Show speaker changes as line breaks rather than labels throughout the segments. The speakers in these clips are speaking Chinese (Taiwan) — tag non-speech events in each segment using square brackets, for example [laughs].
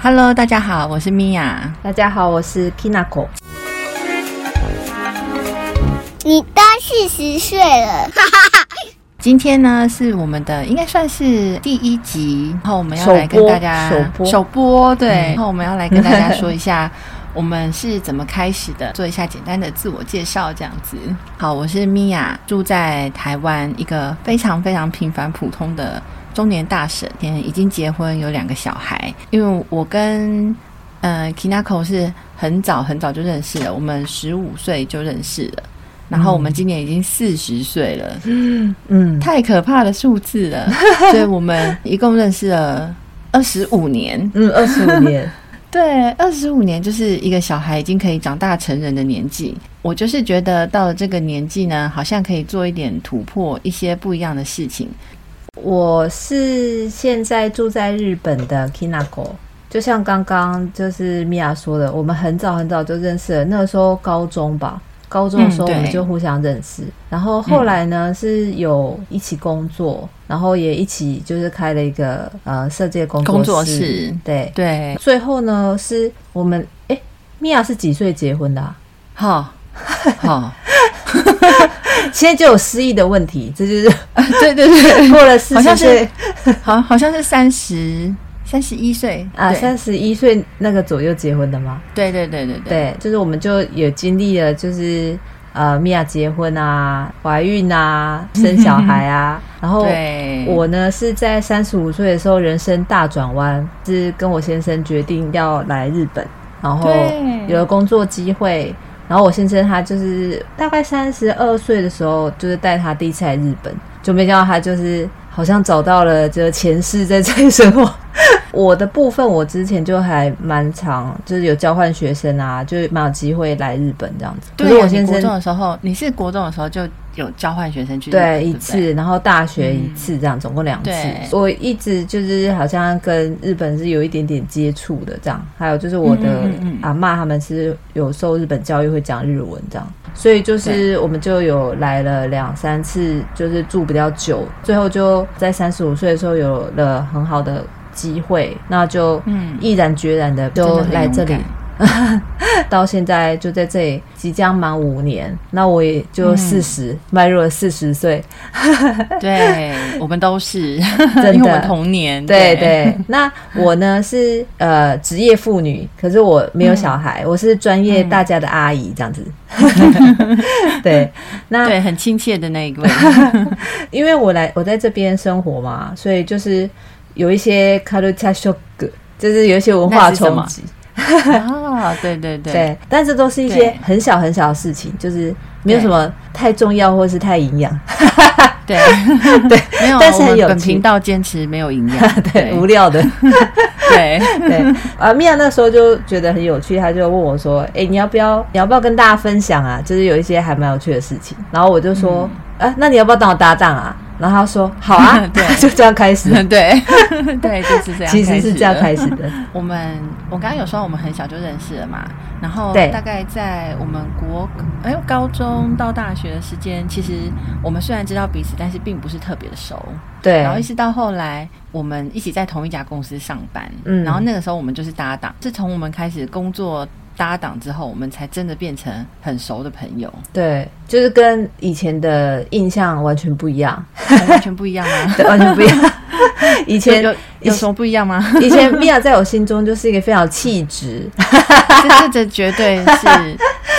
Hello，大家好，我是米婭。大家好，我是 Pinaco，你都四十歲了，哈哈哈。今天呢是我們的應該算是第一集，然後我們要來首播跟大家首播，首播，對，嗯，然後我們要來跟大家說一下我們是怎麼開始的， [laughs] 做一下簡單的自我介紹這樣子。好，我是米婭，住在台灣，一個非常非常平凡普通的。中年大嬸，天已經結婚有兩個小孩。因為我跟嗯、呃、Kinako 是很早很早就認識了，我們十五歲就認識了，然後我們今年已經四十歲了，嗯嗯，太可怕的數字了。嗯、所以我們一共認識了二十五年，嗯，二十五年， [laughs] 對，二十五年就是一個小孩已經可以長大成人的年紀。我就是覺得到了這個年紀呢，好像可以做一點突破，一些不一樣的事情。我是現在住在日本的 Kinako 就像剛剛就是 Mia 說的，我們很早很早就認識了，那個時候高中吧，高中的時候我們就互相認識，嗯、然後後來呢是有一起工作，嗯、然後也一起就是開了一個呃設計工工作室，對對，對最後呢是我們哎、欸、Mia 是幾歲結婚的、啊？哈好。 [laughs] 哈 [laughs] 現在就有失憶的問題，這就是、啊、對對對，過了四十歲，好像是好，好像是三十三十一歲啊，三十一歲那個左右結婚的嗎？對對對對對，對，就是我們就也經歷了，就是呃，米婭結婚啊，懷孕啊，生小孩啊， [laughs] 然後對我呢是在三十五歲的時候，人生大轉彎，就是跟我先生決定要來日本，然後有了工作機會。然後我先生他就是大概三十二歲的時候，就是帶他第一次來日本，就沒想到他就是好像找到了就是前世在這一生我我的部分，我之前就還蠻常，就是有交換學生啊，就蠻有機會來日本這樣子。對、啊、是我先生國中的時候，你是國中的時候就。有交換學生去對、對、對一次，然後大學一次，這樣、嗯、總共兩次。對我一直就是好像跟日本是有一點點接觸的，這樣。還有就是我的阿嬤他們是有受日本教育，會講日文這樣。所以就是我們就有來了兩三次，就是住比較久，最後就在三十五歲的時候有了很好的機會，那就毅然決然的就來這裡 [laughs] 到現在就在這裡，即將滿五年，那我也就四十，嗯、邁入了四十歲。 [laughs] 對，我們都是，真的因為我們同年。對對，對對，那我呢是呃職業婦女，可是我沒有小孩，嗯、我是專業大家的阿姨這樣子。嗯、 [laughs] 對，那對很親切的那一位， [laughs] 因為我來我在這邊生活嘛，所以就是有一些卡路恰修格，就是有一些文化衝擊。 [laughs] 啊，對對對，對，但是都是一些很小很小的事情，對就是沒有什麼太重要或是太營養。對對， [laughs] 對沒有，但是很有趣。頻道堅持沒有營養， [laughs] 對，對對無聊的，對 [laughs] 對。啊，妙那時候就覺得很有趣，他就問我說：“哎、欸，你要不要，你要不要跟大家分享啊？就是有一些還蠻有趣的事情。”然後我就說、嗯啊：“那你要不要當我搭檔啊？”然後他說：“好啊， [laughs] 對，就這樣開始。”對，對，就是這樣開始，其實是這樣開始的。 [laughs] 我們我剛剛有說我們很小就認識了嘛，然後大概在我們國、哎、高中到大學的時間，其實我們雖然知道彼此，但是並不是特別的熟。對，然後一直到後來我們一起在同一家公司上班，嗯、然後那個時候我們就是搭檔，是從我們開始工作。搭檔之後，我們才真的變成很熟的朋友。對，就是跟以前的印象完全不一樣，完全不一樣啊， [laughs] 對，完全不一樣。 [laughs] 以前。有什麼不一樣嗎？以前 Mia 在我心中就是一個非常有氣質，這這絕對是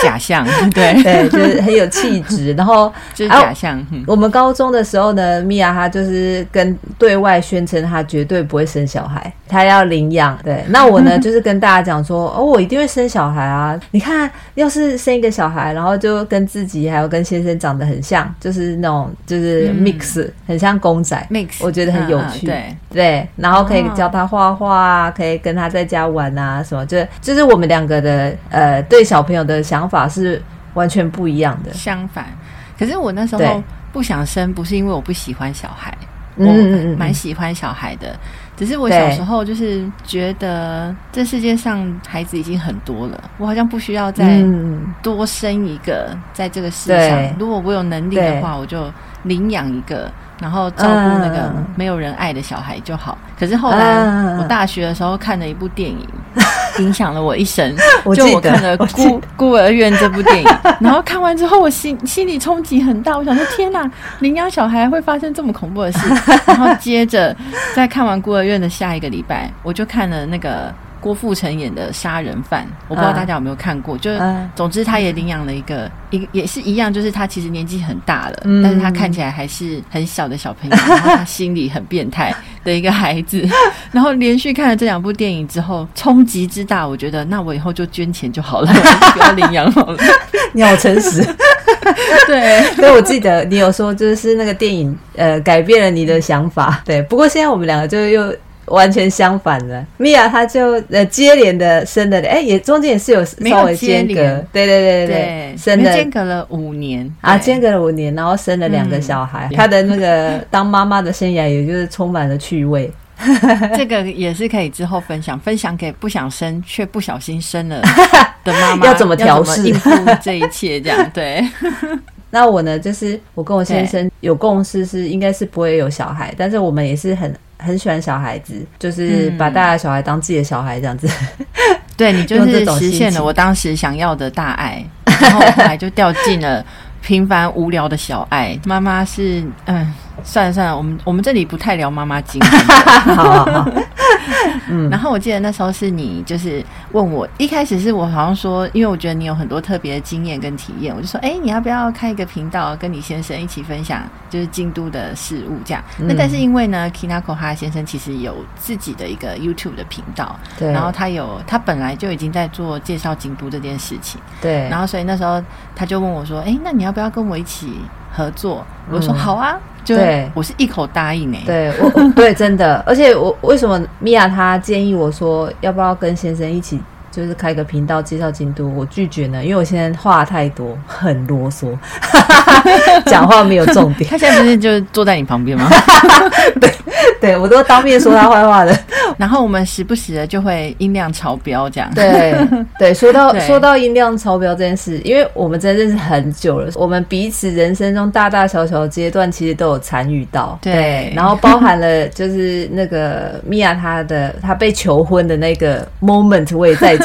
假象，對對，就是很有氣質。然後就是假象。後嗯、我們高中的時候呢，Mia 她就是跟對外宣稱她絕對不會生小孩，她要領養。對，那我呢就是跟大家講說，嗯、哦，我一定會生小孩啊！你看，要是生一個小孩，然後就跟自己還有跟先生長得很像，就是那種就是 mix、嗯、很像公仔 mix，我覺得很有趣。對、嗯呃、對，那。然後可以教他畫畫，可以跟他在家玩啊，什麼就是就是我們兩個的呃對小朋友的想法是完全不一樣的。相反，可是我那時候不想生，不是因為我不喜歡小孩，我蠻喜歡小孩的，只是我小時候就是覺得這世界上孩子已經很多了，對我好像不需要再多生一個，在這個世上，對如果我有能力的話，對我就領養一個。然後照顧那個沒有人愛的小孩就好。Uh, 可是後來、uh, 我大學的時候看了一部電影，uh, 影響了我一生。 [laughs] 我記得就我看了孤《孤孤兒院》這部電影， [laughs] 然後看完之後，我心 [laughs] 心理衝擊很大。我想說，天哪！領養小孩會發生這麼恐怖的事。 [laughs] 然後接着在看完《孤兒院》的下一個禮拜，我就看了那個。郭富城演的殺人犯，我不知道大家有沒有看過，啊、就是、啊、總之他也領養了一個，一個也是一樣，就是他其實年紀很大了，嗯、但是他看起來還是很小的小朋友，然後他心裡很變態的一個孩子。 [laughs] 然後連續看了這兩部電影之後，衝擊之大，我覺得那我以後就捐錢就好了，不要領養好了。你好誠實， [laughs] 對，所以我記得你有說，就是那個電影呃改變了你的想法，對。不過現在我們兩個就又。完全相反了。Mia 她就呃接連的生了的，哎，也中間也是有稍微間隔，對對對對，生了間隔了五年啊，間隔了五年，然後生了兩個小孩，她的那個當媽媽的生涯也就是充滿了趣味，這個也是可以之後分享分享給不想生卻不小心生了的媽媽，要怎麼調試應付這一切？這樣對。那我呢，就是我跟我先生有共識，是應該是不會有小孩，但是我們也是很。很喜歡小孩子，就是把大家小孩當自己的小孩這樣子。嗯、對，你就是實現了我當時想要的大愛， [laughs] 然後後來就掉進了平凡無聊的小愛。媽媽是嗯。算了算了，我們我們這裡不太聊媽媽經。 [laughs] 好，好，好，嗯。 [laughs] 然後我記得那時候是你就是問我，嗯、一開始是我好像說，因為我覺得你有很多特別的經驗跟體驗，我就說，哎、欸，你要不要開一個頻道，跟你先生一起分享就是京都的事物這樣？嗯、那但是因為呢，Kinako 哈先生其實有自己的一個 YouTube 的頻道，對。然後他有他本來就已經在做介紹京都這件事情，對。然後所以那時候他就問我說，哎、欸，那你要不要跟我一起？合作，我說好啊，嗯、就對我是一口答應，哎、欸，對，我對真的， [laughs] 而且我為什麼米婭她建議我說要不要跟先生一起？就是開個頻道介紹京都，我拒絕呢，因為我現在話太多，很囉嗦，
講 [laughs] 話沒有重點。 [laughs] 他現在不是
就坐在你旁邊嗎？ [laughs] 對？對，對我都當面說他壞話的。 [laughs] 然後我們時不時的就會音量超標，這樣。 [laughs] 對對，說到對說到音量超標這件事，因為我們真的認識很久了，我們彼此人生中大大小小的階段其實都有參與到。對，對然後包含了就是那個米婭她的她被求婚的那個 moment，我也在。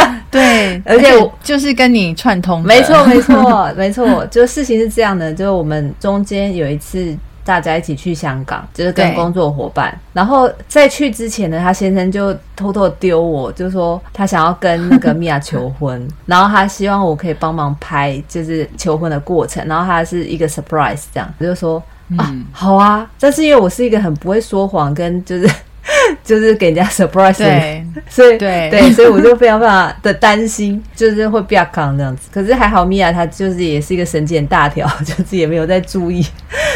[laughs] 對，而且，而且就是跟你串通 [laughs] 沒，沒錯，沒錯，沒錯。就事情是這樣的，就是我們中間有一次大家一起去香港，就是跟工作伙伴。對然後在去之前呢，他先生就偷偷丟我，就說他想要跟那個 Mia 求婚， [laughs] 然後他希望我可以幫忙拍，就是求婚的過程。然後他是一個 surprise 這樣子，就說啊，嗯、好啊。但是因為我是一個很不會說謊，跟就是就是給人家 surprise。所以對對，所以我就非常非常的擔心，就是會比較扛這樣子。可是還好，米婭她就是也是一個神經大條，就是也沒有在注意。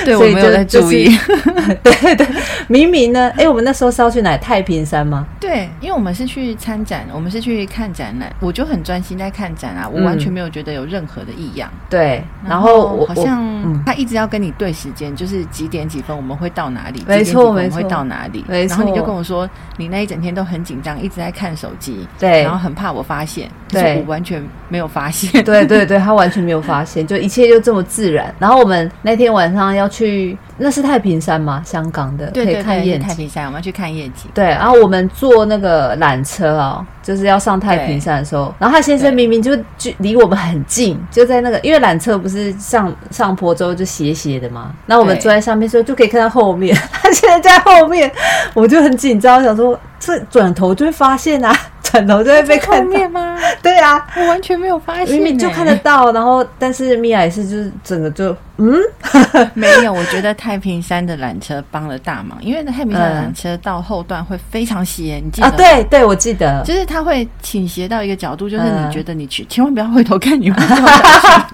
對，就我沒有在注意。就是、對
對，對，明明呢？哎、欸，我們那時候是要去哪？太平山嗎？對，因為我們是去參展，我們是去看展覽。我就很專心在看展啊，我完全沒有覺得有任何的異樣、嗯。對，然後，然後好像、嗯、他一直要跟你對時間，就是幾點幾分我們會到哪裡？沒錯，幾點幾分我們會到哪裡？沒錯錯。然後你就跟我說，錯你那一整天都很緊張，一在看手機，對，然後很怕我發現，對我完全沒有發現，對， [laughs] 對對對，他完全沒有發現，就一切就這麼自然。然後我們那天晚上要去。那是太平山嗎？香港的，對對對，可以看夜景。對對對太平山，我們要去看夜景。對，然後對、啊、我們坐那個纜車哦，就是要上太平山的時候，對然後他先生明明就對就離我們很近，就在那個，因為纜車不是上上坡之後就斜斜的嘛，那我們坐在上面的時候就可以看到後面，對 [laughs] 他現在在後面，我就很緊張，想說這轉頭就會發現啊。很到就會被看見嗎？ [laughs] 對啊，我完全沒有發現、欸。明明就看得到，然後但是 Mia 是就是整個就嗯 [laughs] 沒有。我覺得太平山的纜車幫了大忙，因為太平山的纜車到後段會非常斜。嗯、你記得啊？對對，我記得，就是它會傾斜到一個角度，就是你覺得你去、嗯、千萬不要回頭看女朋友。嗯 [laughs]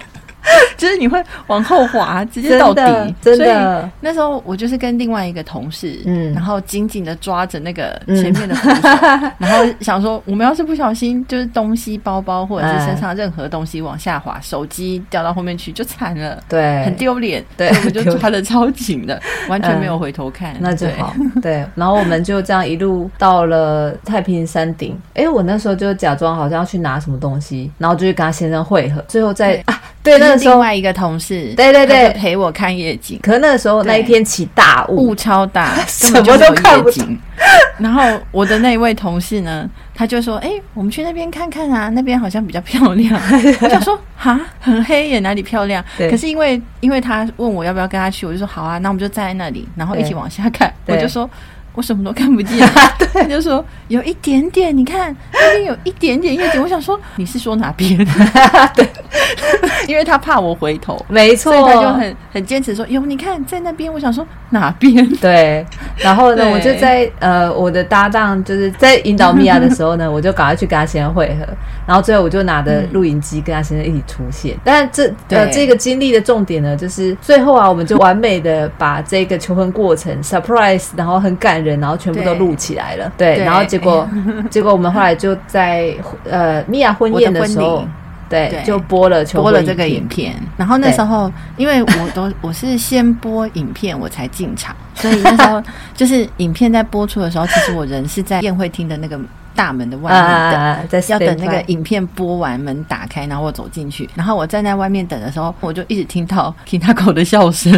是你會往後滑，直接到底。真的，那時候我就是跟另外一個同事，嗯，然後緊緊的抓着那個前面的同事，然後想說，我們要是不小心，就是東西、包包或者是身上任何東西往下滑，手機掉到後面去就慘了，對，很丟臉，對，我們就抓的超緊的，完全沒有回頭看，那最好，對。然後我們就這樣一路到了太平山頂。哎，我那時候就假裝好像要去拿什麼東西，然後就去跟他先生會合，最後在對，那個、時候另外一個同事，對對對，陪我看夜景。可那個時候那一天起大霧，霧對超大，什麼根本就景都看不清。然後我的那一位同事呢， [laughs] 他就說：“哎、欸，我們去那邊看看啊，那邊好像比較漂亮。” [laughs] 我想說：“啊，很黑耶，哪裡漂亮？”對可是因為因為他問我要不要跟他去，我就說：“好啊，那我們就站在那裡，然後一起往下看。”我就說。我什麼都看不見了， [laughs] 對他就說有一點點，你看那邊有一點點一點。我想說你是說哪邊的？ [laughs] 對， [laughs] 因為他怕我回頭，沒錯，所以他就很很堅持說，有你看在那邊。我想說哪邊？對，然後呢，對我就在呃，我的搭檔就是在引導米婭的時候呢， [laughs] 我就趕快去跟他先生會合，然後最後我就拿着錄影機跟他先生一起出現。嗯、但這呃對這個經歷的重點呢，就是最後啊，我們就完美的把這個求婚過程 [laughs] surprise，然後很感。人，然後全部都錄起來了。對，然後結果，結果我們後來就在呃，米婭婚宴的時候，對，就播了播了這個影片。然後那時候，因為我都我是先播影片，我才進場，所以那時候就是影片在播出的時候，其實我人是在宴會廳的那個大門的外面的。要等那個影片播完，門打開，然後我走進去。然後我站在外面等的時候，我就一直聽到聽他口的笑聲。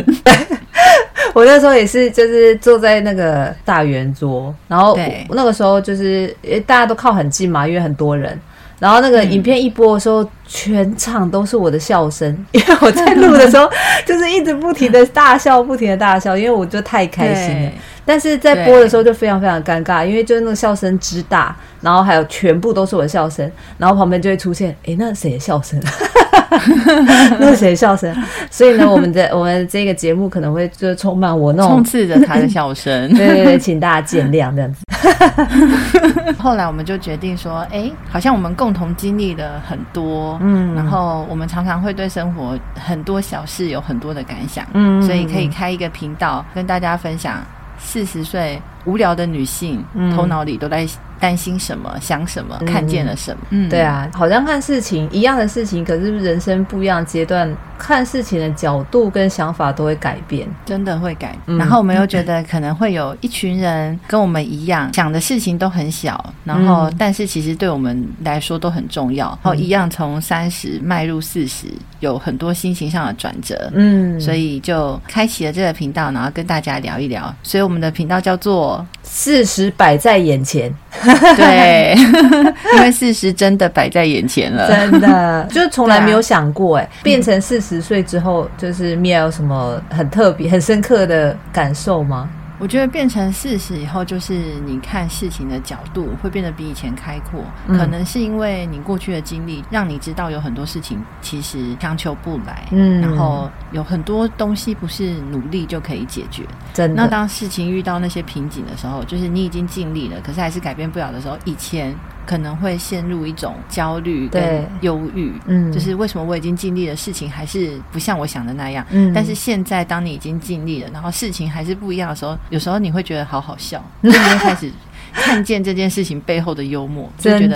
我那時候也是，就是坐在那個大圓桌，然後那個時候就是，誒，大家都靠很近嘛，因為很多人。然後那個影片一播的時候，嗯、全場都是我的笑聲，因為我在錄的時候、嗯、就是一直不停的大笑，嗯、不停的大笑，嗯、因為我就太開心了。對但是在播的時候就非常非常尷尬，對因為就是那個笑聲之大，然後還有全部都是我的笑聲，然後旁邊就會出現，誒，那是誰的笑聲？ [laughs] 那是誰的笑聲？ [laughs] 所以呢，我們的我們這個節目可能會就充滿我那種充斥着他的笑聲， [laughs] 對，對，對，請大家見諒這樣子。 [laughs] 後來我們就決定說，哎、欸，好像我們共同經歷了很多，嗯，然後我們常常會對生活很多小事有很多的感想，嗯、嗯、嗯、嗯，所以可以開一個頻道跟大家分享四十歲無聊的女性，嗯、頭腦裡都在。擔心什麼，想什麼，看見了什麼，嗯，嗯，對啊，好像看事情一樣的事情，可是人生不一樣階段，看事情的角度跟想法都會改變，真的會改變。嗯、然後我們又覺得可能會有一群人跟我們一樣， [laughs] 想的事情都很小，然後、嗯、但是其實對我們來說都很重要。然後一樣從三十邁入四十，有很多心情上的轉折，嗯，所以就開啟了這個頻道，然後跟大家聊一聊。所以我們的頻道叫做。事實擺在眼前，對， [laughs] [laughs] 因為事實真的擺在眼前了，真的， [laughs] 就從來沒有想過、欸，哎、啊，變成四十歲之後，就是 Mia 有什麼很特別、很深刻的感受嗎？我覺得變成事實以後，就是你看事情的角度會變得比以前開闊。嗯，可能是因為你過去的經歷，讓你知道有很多事情其實強求不來，嗯，然後有很多東西不是努力就可以解決。真的，那當事情遇到那些瓶頸的時候，就是你已經盡力了，可是還是改變不了的時候，以前，可能會陷入一種焦慮、跟憂鬱，嗯，就是為什麼我已經盡力了，事情還是不像我想的那樣，嗯，但是現在當你已經盡力了，然後事情還是不一樣的時候，有時候你會覺得好好笑，你會 [laughs] 開始。看見這件事情背後的幽默，就覺得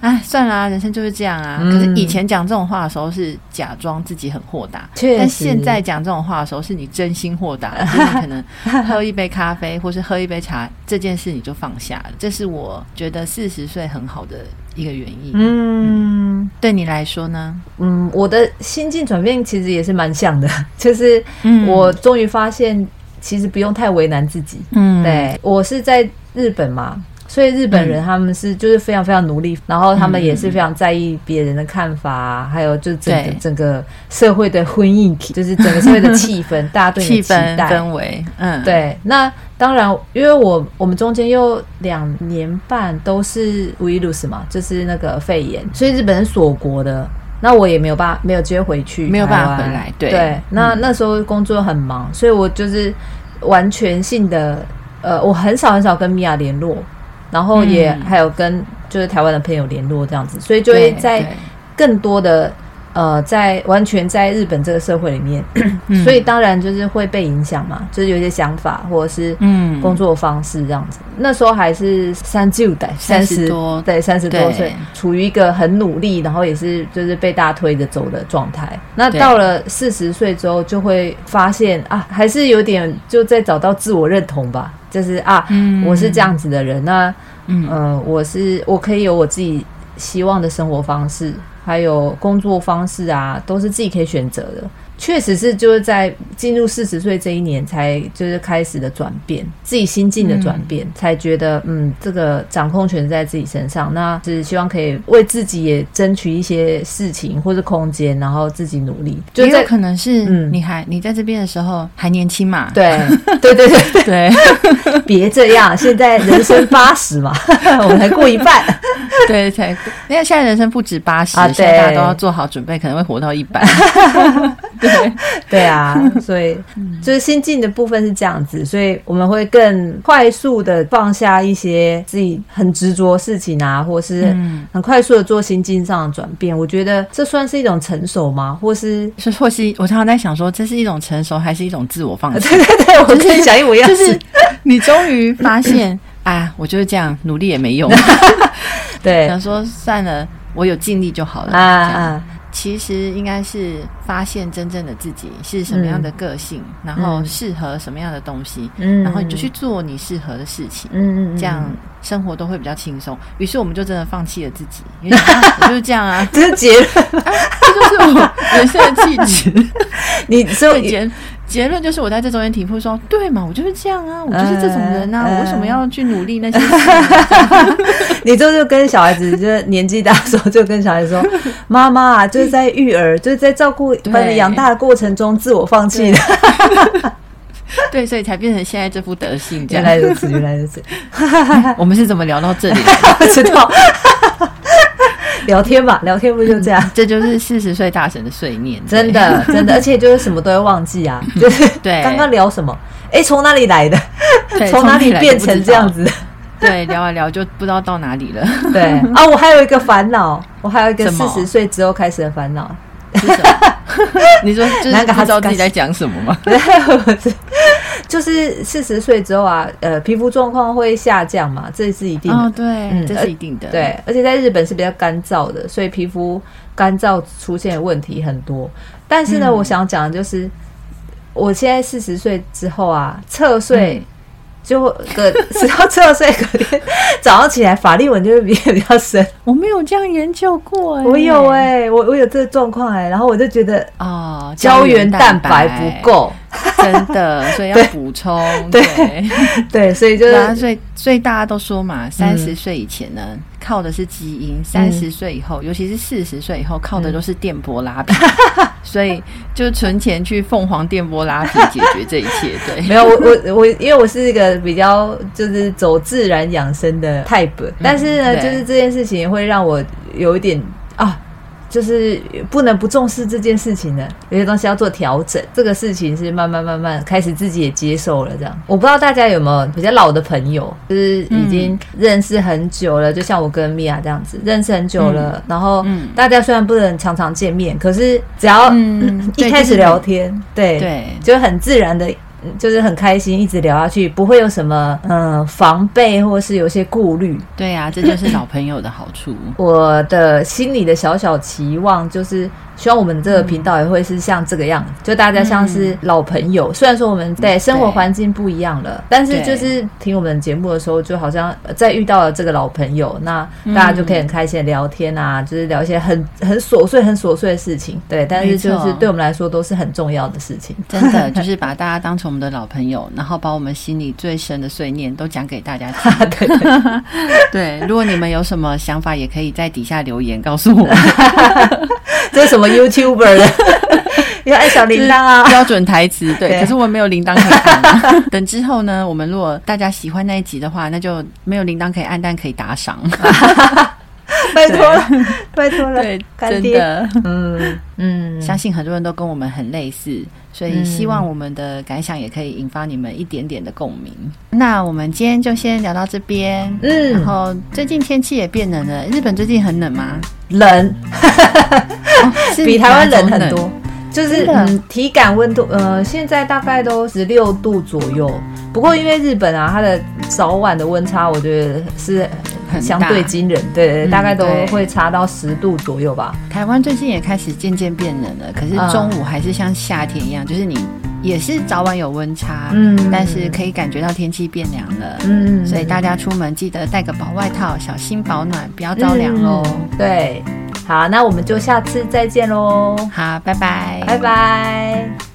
哎真的，算了，啊，人生就是這樣啊。嗯，可是以前講這種話的時候是假裝自己很豁達，實但現在講這種話的時候是你真心豁達。就是，你可能喝一杯咖啡，或是喝一杯茶， [laughs] 這件事你就放下了。這是我覺得四十歲很好的一個原因。嗯，嗯，對你來說呢？嗯，我的心境轉變其實也是蠻像的，就是我終於發現，嗯。其實不用太為難自己，嗯，對，我是在日本嘛，所以日本人他們是就是非常非常努力，嗯、然後他們也是非常在意別人的看法、啊，嗯、還有就是整個對整個社會的婚姻，就是整個社會的氣氛， [laughs] 大家對你期待氣氛氛圍，嗯，對。那當然，因為我我們中間有兩年半都是 Virus 嘛，就是那個肺炎，所以日本人鎖國的。那我也沒有辦法，沒有接回去，沒有辦法回來。對，對嗯、那那時候工作很忙，所以我就是完全性的，呃，我很少很少跟米婭聯絡，然後也、嗯、還有跟就是台灣的朋友聯絡這樣子，所以就會在更多的。呃，在完全在日本這個社會裡面，嗯、所以當然就是會被影響嘛，就是有些想法或者是工作方式這樣子。嗯、那時候還是三十代，三十多對，三十多歲，對處於一個很努力，然後也是就是被大推着走的狀態。那到了四十歲之後，就會發現啊，還是有點就在找到自我認同吧，就是啊，嗯、我是這樣子的人。那嗯、呃，我是我可以有我自己希望的生活方式。還有工作方式啊，都是自己可以選擇的。確實是就是在進入四十歲這一年，才就是開始的轉變，自己心境的轉變，嗯、才覺得嗯，這個掌控權在自己身上，那是希望可以為自己也爭取一些事情或是空間，然後自己努力。就這可能是，嗯，你還你在這邊的時候還年輕嘛？對對對對對，別這樣，現在人生八十嘛， [laughs] 我們才過一半， [laughs] 對，才過因為現在人生不止八十，啊，對，大家都要做好準備，可能會活到一百。 [laughs] 對 [laughs] 對啊，所以、嗯、就是心境的部分是這樣子，所以我們會更快速的放下一些自己很執着事情啊，或是很快速的做心境上的轉變。嗯、我覺得這算是一種成熟嗎？或是是，或是我常常在想說，這是一種成熟，還是一種自我放下、啊？對對對，我可以講一，我、就、要是、就是、你終於發現、嗯嗯、啊，我就是這樣努力也沒用， [laughs] [laughs] 對，想說算了，我有盡力就好了啊啊。其實應該是發現真正的自己是什麼樣的個性，嗯、然後適合什麼樣的東西，嗯、然後你就去做你適合的事情，嗯、這樣生活都會比較輕鬆。嗯、於是我們就真的放棄了自己，因為就是這樣啊，直接、 [laughs] 啊，這就是我人生的氣質。 [laughs] 你說你。結論就是我在這中間體悟說，對嘛，我就是這樣啊，我就是這種人啊，嗯、我為什麼要去努力那些、啊？嗯、 [laughs] 你就就跟小孩子，就年紀大的時候就跟小孩子說，媽媽、 [laughs] 啊、就是在育兒， [laughs] 就是在照顧把你養大的過程中自我放棄的，對，所以才變成現在這副德性。原來如此，原來如此。 [laughs] 嗯、我們是怎麼聊到這裡的？ [laughs] 不知道。 [laughs] 聊天吧，聊天不就這樣？這就是四十歲大嬸的碎念，真的真的，而且就是什麼都會忘記啊， [laughs] 就是對。剛剛聊什麼？哎對，從哪裡來的？對從哪裡變成來這樣子？對，聊啊聊，就不知道到哪裡了。對啊、哦，我還有一個煩惱，我還有一個四十歲之後開始的煩惱。麼 [laughs] 你說，難、就、他、是、知道自己在講什麼嗎？ [laughs] 就是四十歲之後啊，呃，皮膚狀況會下降嘛，這是一定的，哦、對，嗯、這是一定的，對。而且在日本是比較乾燥的，所以皮膚乾燥出現問題很多。但是呢，嗯、我想講的就是，我現在四十歲之後啊，側睡就隔只要側睡隔天 [laughs] 早上起來法令紋就會比比較深。我沒有這樣研究過、欸我欸，我有哎，我我有這個狀況哎，然後我就覺得啊，膠原蛋白不夠。哦 [laughs] 真的，所以要補充，對對、對、對，所以就是，啊、所以所以大家都說嘛，三十歲以前呢，嗯、靠的是基因，三十歲以後，嗯、尤其是四十歲以後，靠的都是電波拉皮。嗯、 [laughs] 所以就存錢去鳳凰電波拉皮解決這一切。對，沒有我我我，因為我是一個比較就是走自然養生的 type，嗯、但是呢，對就是這件事情會讓我有一點啊。就是不能不重視這件事情的，有些東西要做調整。這個事情是慢慢慢慢開始自己也接受了這樣。我不知道大家有沒有比較老的朋友，就是已經認識很久了，嗯、就像我跟米婭這樣子認識很久了。嗯、然後大家雖然不能常常見面，嗯、可是只要、嗯、一開始聊天，對對，就很自然的。就是很開心，一直聊下去，不會有什麼嗯，防備，或是有些顧慮。對啊，這就是老朋友的好處。 [laughs] 我的心裡的小小期望就是。希望我們這個頻道也會是像這個樣子，嗯、就大家像是老朋友。嗯、雖然說我們對，對生活環境不一樣了，但是就是聽我們節目的時候，就好像在遇到了這個老朋友。那大家就可以很開心的聊天啊，嗯、就是聊一些很很瑣碎、很瑣碎的事情。對，但是就是對我們來說都是很重要的事情。沒錯。 [laughs] 真的，就是把大家當成我們的老朋友， [laughs] 然後把我們心裡最深的碎念都講給大家聽。啊。對對， [laughs] 對，如果你們有什麼想法，也可以在底下留言告訴我。 [laughs] 這什麼？YouTuber 的，要按小鈴鐺啊！標準台詞。對，可是我沒有鈴鐺可以。等之後呢，我們如果大家喜歡那一集的話，那就沒有鈴鐺可以按，但可以打賞。拜託了，拜託了！對，真的，嗯嗯，相信很多人都跟我們很類似，所以希望我們的感想也可以引發你們一點點的共鳴。那我們今天就先聊到這邊，嗯，然後最近天氣也變冷了，日本最近很冷嗎？冷。哦、比台灣冷很多，冷就是，是的嗯，體感溫度呃，現在大概都十六度左右。不過因為日本啊，它的早晚的溫差，我覺得是很相對驚人。對大對，嗯、大概都會差到十度左右吧。台灣最近也開始漸漸變冷了，可是中午還是像夏天一樣，嗯、就是你也是早晚有溫差，嗯，但是可以感覺到天氣變涼了，嗯，所以大家出門記得帶個薄外套，小心保暖，不要着涼嘍。對。好，那我們就下次再見嘍。好，拜拜，拜拜。